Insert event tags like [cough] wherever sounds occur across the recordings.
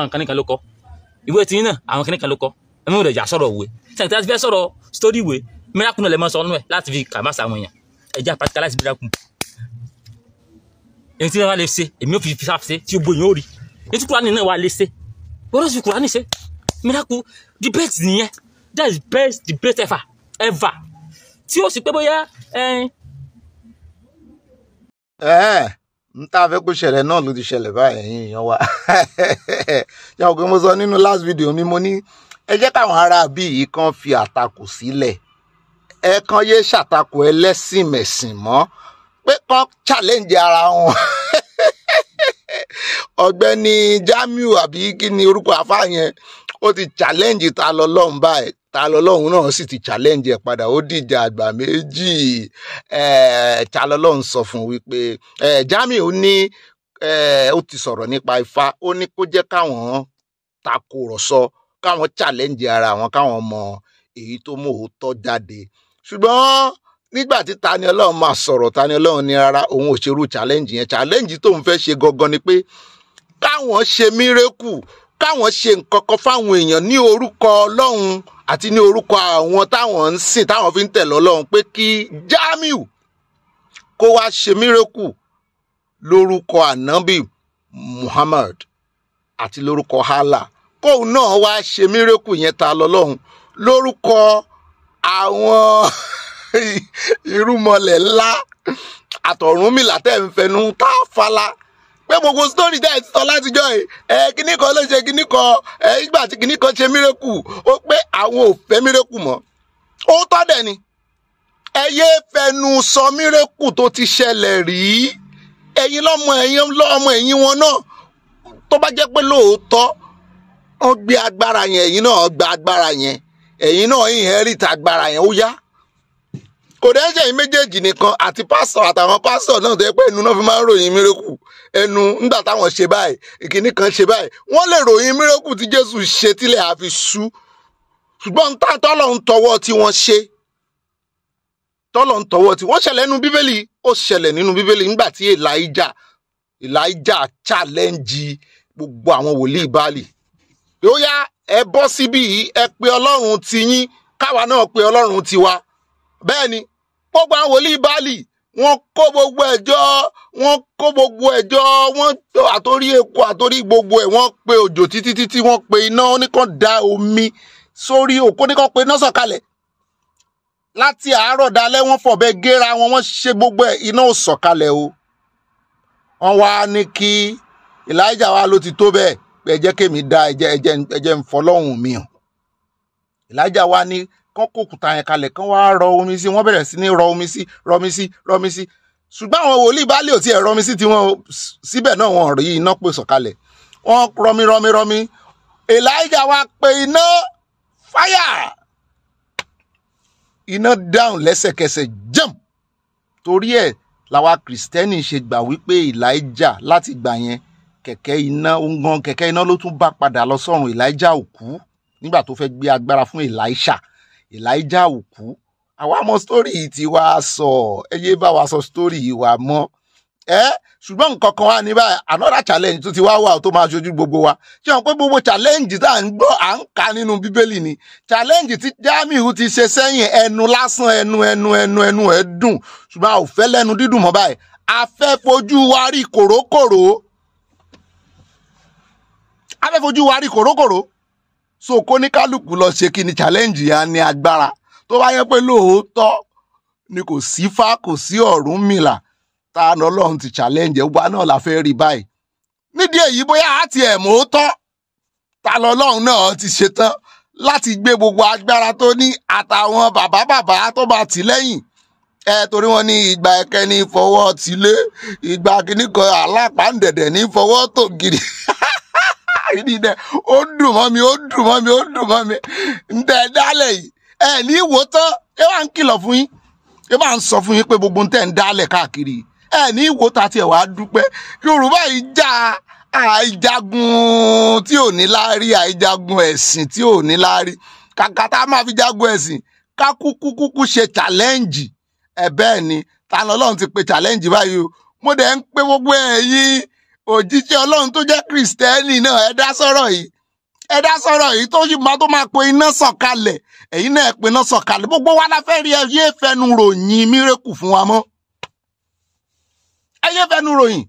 àwọn kan nìkan ló kọ ìwé tiyín náà àwọn kan ló kọ ẹmí ò lè jà òwe sẹ̀ǹtẹ̀ láti fẹ́ sọ̀rọ̀ sítórí ìwé mìíràkùn náà lè mọ sọ ọ́nú ẹ̀ láti fi kàmá sàwọn èèyàn ẹ̀já practicalize mìíràkùn èyí tí wọ́n lè ṣe èmi ò fi fi ṣe tí o bóyin ó rí èyí tí kúránì náà wà lè ṣe wọ́n lọ́sí kúránì ṣe mìíràkùn debate nìyẹn that is best debate ever ever tí ó sì pé bóyá n tá a fẹ́ kó ṣẹlẹ̀ náà ló ti ṣẹlẹ̀ báyìí ẹ̀yin èèyàn wa [laughs] ṣe àwọn mo sọ nínú last video mi mo ní ẹ jẹ́ káwọn ará bí yìí kan fi àtakò sílẹ̀ ẹ kan yé ṣàtakò ẹlẹ́sìn mẹ̀sìn mọ́ pé kan challenge ara wọn [laughs] ọ̀gbẹ́ni Jamiu àbí kí ni orúkọ àfáà yẹn ó ti challenge ta lọ lọ́hùn báyìí ta lọlọ́run náà sì ti challenge ẹ̀ padà ó dìjà àgbà méjì ta lọlọ́run sọ fún wípé Jamiu ní ó ti sọ̀rọ̀ nípa Ifá ó ní kó jẹ́ káwọn takòrọ̀sọ káwọn challenge ara wọn káwọn mọ èyí tó mú òótọ́ jáde ṣùgbọ́n nígbà tí Tani Olohun máa sọ̀rọ̀ Tani Olohun ní rárá òun ò ṣerú challenge yẹn challenge tóun fẹ́ ṣe gangan ni pé káwọn ṣe mírèkù káwọn ṣe nǹkan kan fáwọn èèyàn ní orúkọ Ọlọ́run àti ní orúkọ àwọn táwọn ń sìn táwọn fi ń tẹ̀lé ọlọ́run pé kí Jamiu kó wá ṣe mírèkù lórúkọ ànábì Muhammad àti lórúkọ Allah kóun náà wá ṣe mírèkù yẹn ta lọ́lọ́run lórúkọ àwọn [laughs] irúmọlẹ̀ ńlá àtọ̀rúnmìlà tẹ̀ ń fẹnu tá a fala pé gbogbo story dẹ́ ẹ sọ látijọ́ yìí ẹ kíní kan ló ṣe kíní kan ẹ ìgbà tí kíní kan ṣe mírèkù ó pé àwọn ò fẹ́ mírèkù mọ́ ó tọ́ dẹ̀ ni ẹ yé fẹnu sọ mírèkù tó ti ṣẹlẹ̀ rí ẹ̀yin lọ́mọ ẹ̀yin lọ́mọ ẹ̀yin wọn náà tó bá jẹ́ pé lóòótọ́ wọ́n gbé agbára yẹn ẹ̀yin náà gba agbára yẹn ẹ̀yin náà inherit agbára yẹn ó yá kò dẹ́ ṣẹ̀yìn méjèèjì nìkan àti pásítọ̀ àtàwọn pásítọ̀ náà tó yẹ pé ẹnu náà fi máa ń ròyìn mírèkù ẹnu nígbà táwọn ṣe báyìí ìkíní kan ṣe báyìí wọ́n lè ròyìn mírèkù tí Jésù ṣe tílẹ̀ àfi ṣú ṣùgbọ́n tọ́lọ̀ ń tọwọ́ tí wọ́n ṣe tọ́lọ̀ ń tọwọ́ tí wọ́n ṣẹlẹ̀ nínú bíbélì ó ṣẹlẹ̀ nínú bíbélì nígbà tí Elijah Elijah challenge gbogbo àwọn wòlíì Báálì ó yá ẹ bọ́ síbí ẹ pe Ọlọ́run tiyín káwa náà pe Ọlọ́run tiwa bẹ́ẹ̀ ni gbogbo àwọn wòlíì báàlì wọ́n kó gbogbo ẹjọ́ wọ́n kó gbogbo ẹjọ́ wọ́n àtórí epo àtórí gbogbo ẹ̀ wọ́n pe òjò títí títí wọ́n pe iná oníkan da omi sórí òkú oníkan pe iná sọ̀kalẹ̀ láti àárọ̀ dalẹ́ wọ́n fọ̀bẹ gẹ́ra wọn wọ́n ṣe gbogbo ẹ̀ iná ò sọ̀kalẹ̀ o wọ́n wá ní kí Elijah wa ló ti tó bẹ́ẹ̀ ẹ jẹ́ kémi dá ẹ jẹ́ ń fọlọ́hùn mi hàn Elijah wa ní kán kó òkúta yẹn kalẹ̀ kán wá rọ omi sí wọ́n bẹ̀rẹ̀ sí ní rọ omi sí rọ omi sí rọ omi sí ṣùgbọ́n àwọn wòlíì baálé ò tiẹ̀ rọ omi sí tiwọn síbẹ̀ náà wọn rí iná pè sọ̀kalẹ̀ wọ́n rọmi rọmi rọmi Elijah wá pe iná fáyà iná dáhùn lẹ́sẹ̀kẹsẹ̀ jump torí ẹ̀ làwa kìrìsìtẹ́nì ṣe gbà wípé Elijah láti gbà yẹn kẹ̀kẹ́ iná ó ń gan kẹ̀kẹ́ iná ló tún bá padà lọ sọ́run Elijah ò kú nígbà tó fẹ́ gbé agbára fún Elisha Elijah òkú àwa mọ sítórì tí wà á sọ ẹ yé bá wa sọ sítórì wa mọ́ ẹ ṣùgbọ́n nǹkan kan wà ní báyìí another challenge tó ti wá wà tó máa ṣojú gbogbo wa ṣé wọn pé gbogbo challenge tá à ń gbọ́ à ń kà nínú bíbélì ni challenge tí Jamiu ti ṣe sẹ́yìn ẹnu lásán ẹnu ẹnu ẹnu ẹnu ẹ dùn ṣùgbọ́n a ò fẹ́ lẹ́nu dídùn mọ́ báyìí a fẹ́ fojú wa rí kòrókòró a fẹ́ fojú wa rí kòrókòró so kó ní kálukú lọ ṣe kí ni challenge yẹn ni agbára tó bá yẹ pé lóòótọ́ ni kò sí fá kò sí Ọ̀rúnmìlà tá a nà ọlọ́run ti challenge wa náà la fẹ́ rí báyìí nídìí èyí bóyá á ti ẹ̀ mọ́ tọ́ ta lọ́lọ́run náà ti ṣetán láti gbé gbogbo agbára tó ní àtàwọn bàbá bàbá tó bá tì lẹ́yìn ẹ torí wọn ní ìgbà ẹkẹ ní fọwọ́ tilé ìgbà kìnnìkan alápàǹdẹ̀dẹ̀ ní fọwọ́ tó yìí nílẹ̀ ó dùn mọ́ mi ó dùn mọ́ mi ó dùn mi ń tẹ́ yìí ẹ ní ìwò tán ẹ wá ń kìlọ fún yín ẹ bá ń sọ fún yín pé gbogbo tẹ́ ń káàkiri ẹ ní ìwò tá tiẹ̀ wá dúpẹ, Yorùbá yìí já àìjagun tí ò ní láárí ẹ̀sìn tí ò ní kàkà tá a máa fi jagun ẹ̀sìn ká ṣe challenge ni òjíṣẹ́ ọlọ́run tó jẹ́ kristẹni náà ẹ dá sọ̀rọ̀ yìí ẹ dá sọ̀rọ̀ yìí tó sì máa tó máa pe iná sọ̀kalẹ̀ ẹ̀yin náà pe iná sọ̀kalẹ̀ gbogbo wa la fẹ́ rí ẹ yé fẹnu ròyìn mírèkù fún wa mọ́ ẹ yé fẹnu ròyìn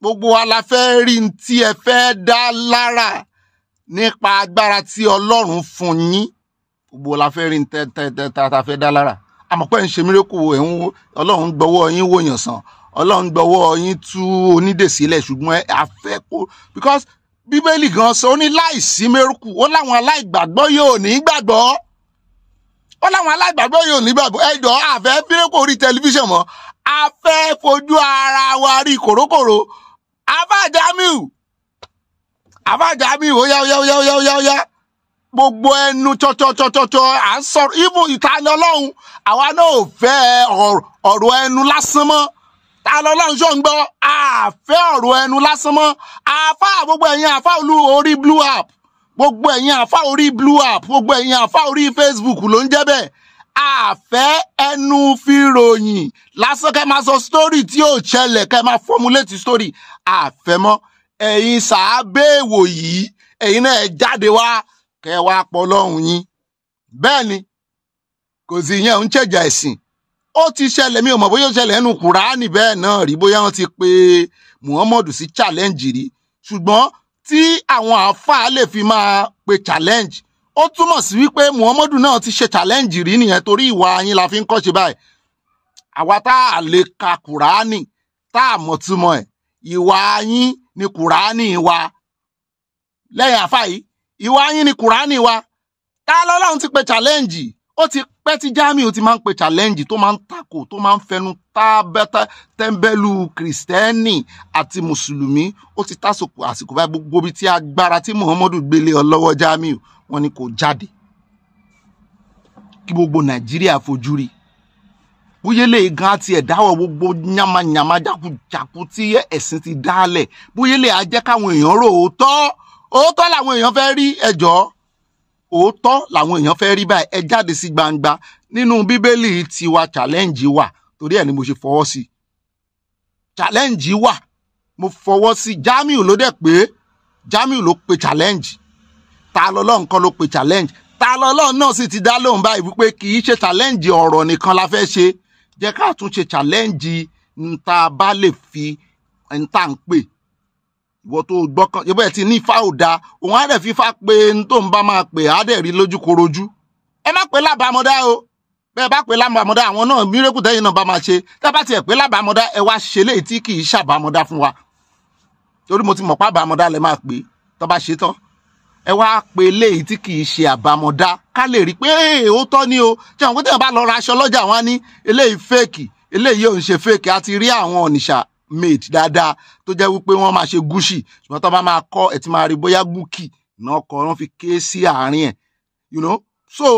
gbogbo wa la fẹ́ rí tí ẹ fẹ́ dá lára nípa agbára tí ọlọ́run fún yín gbogbo la fẹ́ rí tẹ́tẹ́tẹ́ta fẹ́ dá lára àmọ́ pé ń ṣe mírèkù ọlọ́run gbọ́wọ́ yín wòyàn sàn ọlọ́run gbọ́wọ́ yín tú onídè sílẹ̀ ṣùgbọ́n a kó because bíbélì gan sọ ó ní láìsí mẹ́rùkù ó láwọn aláìgbàgbọ́ yóò ní gbàgbọ́ ó láwọn aláìgbàgbọ́ yóò ní gbàgbọ́ ẹjọ́ àfẹ́ fírẹ́kò orí tẹlifíṣàn mọ́ a fẹ́ fojú ara wa rí kòrókòró abájámíù abájámíù ó yá ó yá ó yá ó yá ó yá ó yá gbogbo ẹnu tọ́tọ́tọ́tọ́ à ń sọ̀rọ̀ ibo ìtàn ọlọ́run àwa náà ò fẹ́ ọ̀rọ̀ ẹnu lásán mọ́ ta lọ́lọ́run ṣó ń gbọ́ àfẹ́ ọ̀rọ̀ ẹnu lásán mọ́ àfa gbogbo ẹ̀yin àfa olú orí blue app gbogbo ẹ̀yin àfa orí blue app gbogbo ẹ̀yin àfa orí facebook ló ń jẹ́ bẹ́ẹ̀ àfẹ́ ẹnu fi ròyìn lásán kẹ́ máa sọ story tí yóò ṣẹlẹ̀ kẹ́ máa formulate story àfẹ́ mọ́ ẹ̀yin sàábẹ̀wò yìí ẹ̀yin náà jáde wá kẹ́ wá pọ̀ lọ́hùn yín bẹ́ẹ̀ ni kò sí ìyẹn ń ṣèjà ẹ̀sìn ó ti ṣẹlẹ̀ mi ò mọ̀ bóyá ó ṣẹlẹ̀ ẹnu kùránì bẹ́ẹ̀ náà rí bóyá wọ́n ti pe muhammadu sí challenge rí ṣùgbọ́n tí àwọn àáfàá lè fi máa pe challenge ó túmọ̀ sí wípé muhammadu náà ti ṣe challenge rí nìyẹn torí ìwà yín la fi ń kọ́ ṣe báyìí àwa tá a lè ka kùránì tá a mọ̀ túmọ̀ ẹ̀ ìwà yín ni kùránì wa lẹ́yìn àáfàá yìí ìwà yín ni kùránì wa tá a lọ́lọ́run ti pe challenge ó ti pẹ́ tí Jamiu ti máa ń pe challenge tó máa ń takò tó máa ń fẹnu tábẹ́tẹ́ tẹ́ḿbẹ́lú kìrìsìtẹ́nì àti mùsùlùmí ó ti tásòkò àsìkò báyìí gbogbo ibi tí agbára tí Muhammadu gbélé ọlọ́wọ́ Jamiu wọ́n ní kó jáde kí gbogbo Nàìjíríà fojú rí bóyélé gan àti ẹ̀dáwọ̀ gbogbo yamayama jákujàku tí ẹ̀sìn ti dálẹ̀ bóyélé ajẹ́ káwọn èèyàn rò ó tọ́ ó tọ́ làwọn èèyàn fẹ́ rí ẹjọ́ òótọ́ làwọn èèyàn fẹ́ rí báyìí ẹ jáde sí gbangba nínú bíbélì tiwa challenge wà torí ẹ̀ ni mo ṣe fọwọ́ sí i challenge wà mo fọwọ́ sí i Jamiu ló dẹ̀ pé Jamiu ló pe challenge ta lọ́lọ́run kan ló pe challenge ta lọ́lọ́run náà sì ti dá lóhùn báyìí wípé kì í ṣe challenge ọ̀rọ̀ nìkan la fẹ́ ṣe jẹ́ ká tún ṣe challenge n ta bá lè fi n ta ń pè ìwọ tó gbọ́kàn ìbọn ẹ̀ ti ní ifá ò dáa òun á dẹ̀ fi ifá pé n tó ń bá máa pè á dẹ̀ rí lójú korojú ẹ má pè lábàámọ́dá o bẹ́ẹ̀ bá pè lábàámọ́dá àwọn náà mírèkù tẹ́yìn náà bá máa ṣe tá bá tiẹ̀ pè lábàámọ́dá ẹ wá ṣe léyìí tí kì í ṣàbàámọ́dá fún wa torí mo ti mọ̀ pa àbàámọ́dá lẹ máa pè tó bá ṣe tán ẹ wá pè léyìí tí kì í ṣe àbàámọ́dá ká lè rí pé ó ni o tí àwọn kó made dáadáa tó jẹ́ wípé wọ́n máa ṣe gúúsì ṣùgbọ́n tó bá máa kọ́ ẹ̀ tí máa rí bóyá gúkì náà kọ́ wọ́n fi ké sí àárín ẹ̀ you know so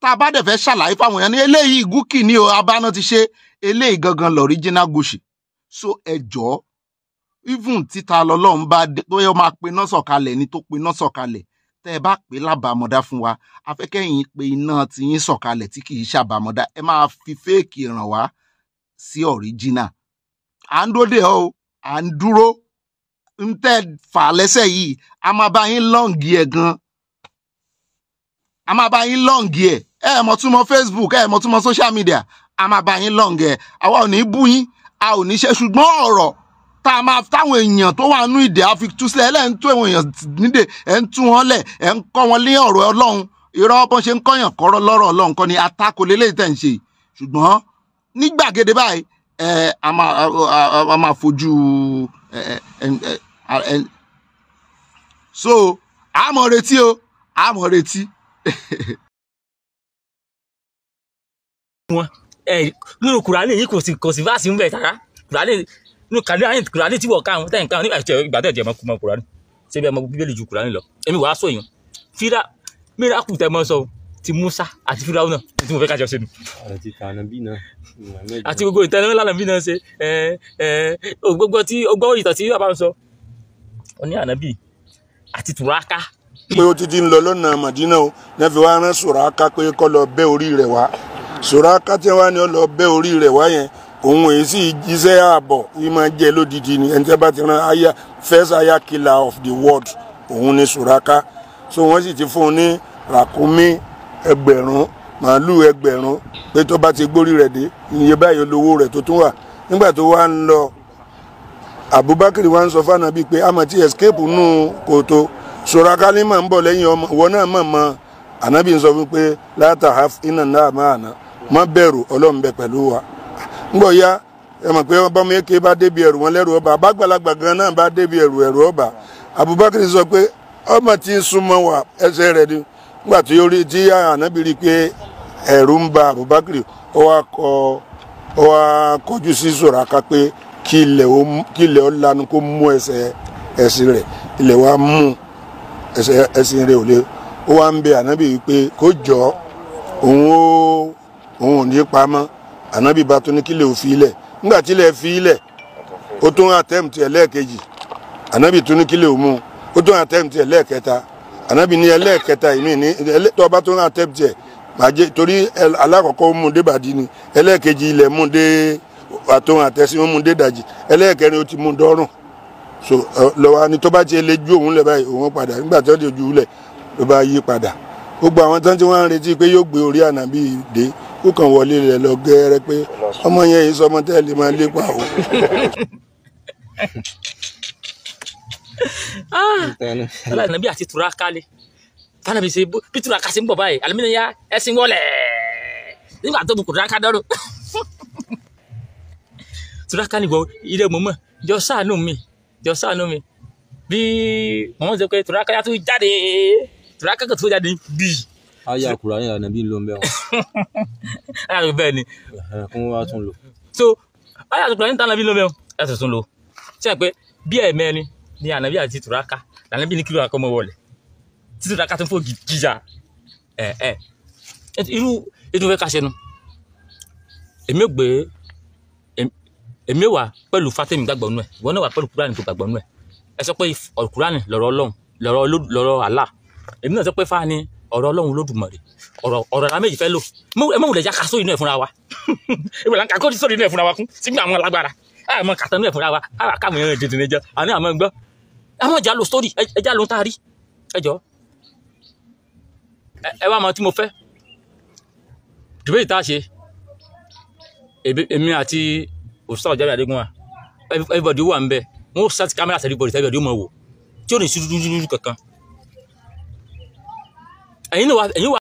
tá a bá dẹ̀ fẹ́ ṣàlàyé fáwọn èèyàn ní eléyìí gúkì ni o abáná ti ṣe eléyìí gangan lọ́ríjínà gúúsì so ẹ jọ̀ọ́ even títa lọ́lọ́run bá dé tó yẹ máa pe iná sọ̀kalẹ̀ ni tó pe iná sọ̀kalẹ̀ tẹ́ ẹ bá pè lábàámọ́dá fún wa afẹ́kẹ́yìn pe iná tiyín sọ̀kalẹ̀ tí kì í ṣàbàmọ́dá ẹ máa fi fẹ́ẹ̀kì ràn wá sí ọ̀ríjínà à ń dóde ọ o à ń dúró ń tẹ́ fà lẹ́sẹ̀ yìí a máa bá yín lọ́ǹgì ẹ̀ gan a máa bá yín lọ́ǹgì ẹ̀ ẹ mọ̀ túmọ̀ Facebook ẹ mọ̀ túmọ̀ social media a máa bá yín lọ́ǹgì ẹ̀ àwa ò ní bú yín a ò ní ṣe ṣùgbọ́n ọ̀rọ̀ tá a máa táwọn èèyàn tó wà nú ìdè àfi túsílẹ̀ ẹ̀ ń tú àwọn èèyàn nídè ẹ̀ ń tú wọn lẹ̀ ẹ̀ ń kọ́ wọn lé ọ̀rọ̀ ọlọ́run irọ́ bọ́n ṣe ń kọ́yàn kọ́rọ́ lọ́rọ̀ ọlọ́run kọ́ ni ń ṣe ṣùgbọ́n ní báyìí ẹ a máa a máa fojú ẹ so a mọ̀ retí o a mọ̀ retí. wọn ẹ nínú kùránì yìí kò sí kò sí fáàsì ń bẹ tara kùránì nínú kàdúrà kùránì tí wọ́n ká àwọn tẹ̀yìn ká àwọn ìgbà tẹ̀ jẹ́ ọmọ kùránì ṣé bí ọmọ bíbélì ju kùránì lọ èmi wàá sọ yìí fíra mìíràn kù tẹ́ mọ́ sọ o ti musa àti fúdáwù náà tí mo fẹ́ kájọ ṣe nù. àti tànàbí náà. àti gbogbo ìtàn náà lànàbí náà ṣe gbogbo tí ọgbọ́ ìtàn tí bàbá ń sọ ọ ní ànàbí àti tùràkà. pé ó ti di ń lọ lọ́nà màdínà o ní fi wá rán sùràkà pé kó lọ bẹ́ orí rẹ̀ wá sùràkà tí wàá ní ọ lọ bẹ́ orí rẹ̀ wá yẹn òun èyí sì jíṣẹ́ ààbọ̀ yìí máa jẹ́ lódìdí ni ẹni tí a bá ti rán aya first aya killer of the world òun ni sùràkà so wọ́n sì ti fún un ní ràkúnmí ẹgbẹ̀rún màálù ẹgbẹ̀rún pé tó bá ti gbórí rẹ̀ dé iye báyìí olówó rẹ̀ tó tún wà nígbà tó wá ń Abubakar wa ń sọ fún pé escape nù kòtò sọ̀ràkálí mà ń bọ̀ lẹ́yìn ọmọ ìwọ náà mọ̀ mọ́ Ànábì ń sọ fún pé half iná náà ama ana má bẹ̀rù Ọlọ́run bẹ pẹ̀lú wa ńgbọ̀ ya ẹ mọ̀ pé eke bá débi ẹ̀rù wọn lẹ́rù ọba gan náà bá débi ẹ̀rù ẹ̀rù ọba Abubakar sọ pé ọmọ ń súnmọ́ wa ẹsẹ̀ rẹ̀ nígbà tí ó rí tí ànábì rí pé ẹ̀rù ń ba Abubakar ó wá kọ ó wá kọjú sí Sùràká pé kí ilẹ̀ ó lanu kó mú ẹsẹ̀ ẹ̀sìn rẹ̀ ilẹ̀ wa mú ẹsẹ̀ ẹ̀sìn rẹ̀ ò lé ó wá ń bẹ ànábì pé kó jọ òun ó òun ò ní pamọ́ ànábì bá tó ní kílẹ̀ ò fi ilẹ̀ nígbà tí ilẹ̀ fi ilẹ̀ ó tún attempt ẹ̀ lẹ́ẹ̀kejì ànábì tó ní kílẹ̀ ò mú ó tún attempt ẹ̀ lẹ́ẹ̀kẹta ànábì ní ẹlẹ́ẹ̀kẹta ìmí ní tó bá tó ń attempt tiẹ̀ bàjẹ́ torí alákọ̀ọ́kọ́ mú un débàdí ni ẹlẹ́ẹ̀kejì ilẹ̀ mú un dé àtòhun àtẹ̀sí mú un dé dàjì ẹlẹ́ẹ̀kẹrin ó ti mú un dọ́rùn so lọ́wọ́ ni tó bá ti lè ju òun lẹ̀ báyìí òun padà nígbà tí wọ́n ti ju lẹ̀ ló bá yí padà gbogbo àwọn tán tí wọ́n ń retí pé yóò gbé orí ànábì dé ó kàn wọlé rẹ̀ lọ gẹ́rẹ́ pé ọmọ yẹn yìí sọmọ tẹ́lẹ̀ máa lépa òun. [laughs] alanabi ah. àti turaka le fanabi ṣe bí turaka ṣe ń bọ̀ báyìí alamina ya ẹsìn wọlé nígbà tó bu turaka dọ́rọ̀ [laughs] turaka ni wọ ilé mọ́mọ́ jọ ṣàánú mi jọ ṣàánú mi bí mọ́mọ́ ṣe pé turaka yà tó jáde turaka kò tó jáde bíi ayé àkùrà yẹn ànàbí ló ń bẹ wọn. ayé àkùrà bẹ́ẹ̀ ni. kún wa tún lò. so ayé àkùrà yẹn tàn ànàbí ló ń bẹ wọn ẹ tuntun lò ṣe é pé bí ẹ̀ẹ̀mẹ́rin ní ànábì àti tùràkà ànábì ní kí lóra kọ́ mọ́ wọlé tí tùràkà tó ń eh gíjà ẹ̀ ẹ̀ irú ètò ìfẹ́ kàṣẹ nu èmi ò gbé èmi wà pẹ̀lú fatemi gbàgbọ́ nù ẹ̀ ìwọ náà wà pẹ̀lú kúránì tó gbàgbọ́ nù ẹ̀ ẹ sọ pé kúránì lọ̀rọ̀ ọlọ́run lọ̀rọ̀ àlà èmi náà sọ pé fáà ni ọ̀rọ̀ ọlọ́run lódùmarè ọ̀rọ̀ ọ̀rọ̀ ara méjì fẹ́ lò ẹ mọ̀ wùlẹ̀ já kaso inú ẹ̀ fúnra wa ìwé [laughs] là ń kakó sórí inú ẹ̀ fúnra wa kún sígbà àwọn alágbára àmọ́ kàtà inú fúnra wa káwọn èèyàn dìdìrín jẹ àní àmọ́ gbọ́ àwọn ìjà lo story ẹjá ló ń taari ẹjọ́ ẹ wá mọ tí mo fẹ́ dìbéyìí tá a ṣe èmi àti òṣìṣẹ́ ọ̀jáde adégúnwà everybody wà ń bẹ wọn ó set camera set everybody everybody ó mọ wò tí ó ní sí dúdú dúdú kankan ẹ̀yin wà.